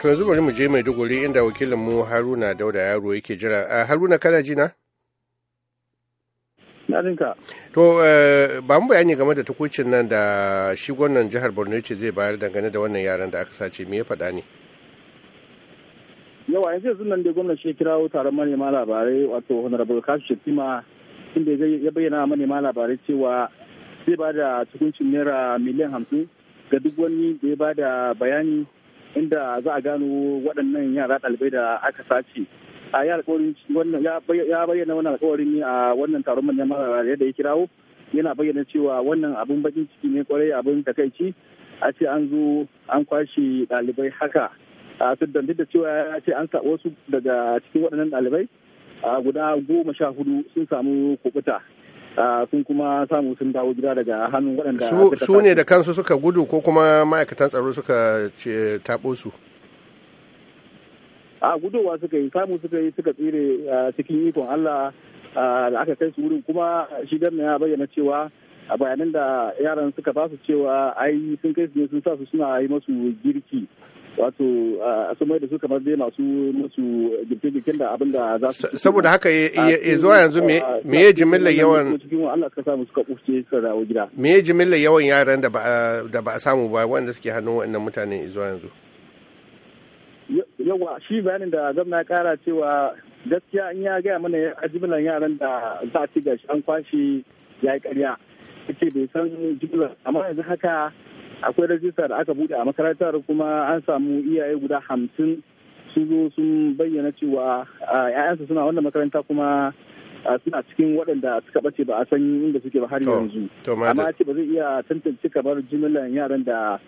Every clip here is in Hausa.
To yanzu bari mu je Maiduguri inda wakilinmu Haruna Dauda Yaro yake jira. Ah, Haruna kana ji na? Na ka. To eh, ba mu bayani game da tukucin nan da shi gwamnan jihar Borno ce zai bayar dangane da wannan yaran da aka sace me ya faɗa ne? Yawa yanzu yanzu nan dai gwamnati shi kirawo taron manema labarai wato Honorable Kashi Shetima inda ya bayyana manema labarai cewa zai ba da tukuncin naira miliyan hamsin ga duk wani da ya ba da bayani inda za a gano waɗannan yara ɗalibai da aka sace a ya bayyana wannan alƙawarin ne a wannan taron manyan mararare yadda ya kirawo yana bayyana cewa wannan abin bakin ciki ne kwarai abin takaici a ce an zo an kwashe ɗalibai haka a tuddan duk da cewa ya ce an wasu daga cikin waɗannan ɗalibai a guda goma sha hudu sun samu kubuta Ah, sun kuma samu sun dawo gida daga hannun waɗanda su ne da kansu suka gudu ko kuma ma'aikatan tsaro suka ce taɓo su a ah, gudowa suka yi samu suka yi suka tsire ah, cikin ikon Allah da aka kai su wurin kuma shi ya bayyana cewa a bayanan da yaran suka ba su cewa ai sun kai su ne sun sa su suna yi masu girki wato sun mai da su kamar dai masu masu girke-girken da abin da za su saboda haka ya zuwa yanzu me ya jimilla yawan cikin Allah kufce gida me ya jimilla yawan yaran da ba a samu ba wanda suke hannun waɗannan mutane zuwa yanzu yawa shi bayanin da gwamna ya kara cewa gaskiya in ya gaya mana ajimilan yaran da za a ci gashi an kwashe ya yi karya ce bai san jimlar amma yanzu haka akwai rajista da aka bude a makarantar kuma an samu iyaye guda hamsin su zo sun bayyana cewa ‘ya'yansu suna wannan makaranta kuma suna cikin waɗanda suka ɓace ba a san inda suke ba har yanzu amma ce ba zai iya tantance kamar jimlar yaran da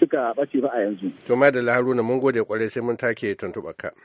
suka ɓace ba a yanzu. to da haruna mun gode kwarai sai mun take tuntuɓa ka.